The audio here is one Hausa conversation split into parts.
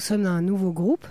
nous sommes dans un nouveau groupe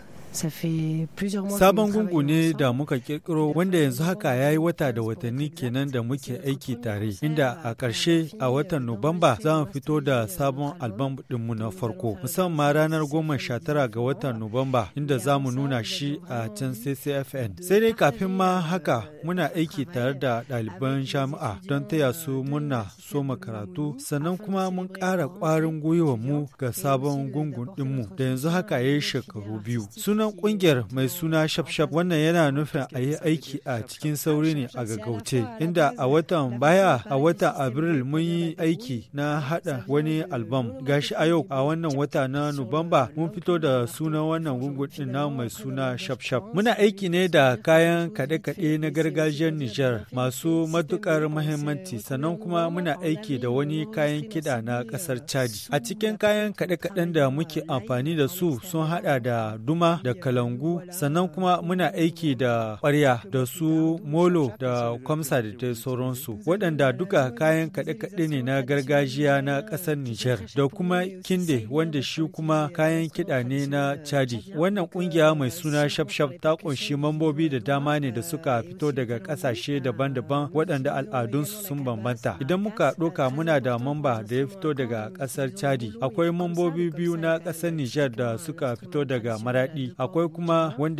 Sabon gungu ne da muka kirkiro wanda yanzu haka ya yi wata da watanni kenan da muke aiki tare, inda a ƙarshe a watan Nuwamba za mu fito da sabon albam ɗinmu na farko, musamman ranar goma sha tara ga watan Nuwamba inda za mu nuna shi a can CCFN. Sai dai kafin ma haka muna aiki tare da ɗaliban jami'a don taya su murna soma karatu, sannan kuma mun ƙara ƙwarin gwiwa mu ga sabon gungun ɗinmu da yanzu haka ya yi shekaru biyu. Sunan kungiyar mai suna shafshaf wannan yana nufin a yi aiki a cikin sauri ne a gaggauce, inda a watan baya a wata Abril mun yi aiki na haɗa wani albam. Gashi a yau a wannan wata na Nuwamba mun fito da sunan wannan gungun na mai suna shafshaf. Muna aiki ne da kayan kaɗe-kaɗe na gargajiyar Nijar masu matukar mahimmanci sannan kuma muna aiki da wani kayan kiɗa na ƙasar chad A cikin kayan kaɗe-kaɗen da muke amfani da su sun haɗa da duma da da kalangu sannan kuma muna aiki da ƙwarya da su molo da kwamsa da dai sauransu waɗanda duka kayan kaɗe-kaɗe ne na gargajiya na ƙasar Nijar da kuma kinde wanda shi kuma kayan kiɗa ne na Chadi. Wannan ƙungiya mai suna Shafshaf ta ƙunshi mambobi da dama ne da suka fito daga ƙasashe daban-daban waɗanda al'adunsu sun bambanta. Idan muka ɗoka muna da mamba da ya fito daga ƙasar Chadi. Akwai mambobi biyu na ƙasar Nijar da suka fito daga Maraɗi. Voilà,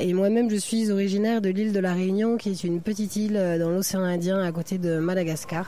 et moi-même je suis originaire de l'île de la Réunion qui est une petite île dans l'océan Indien à côté de Madagascar.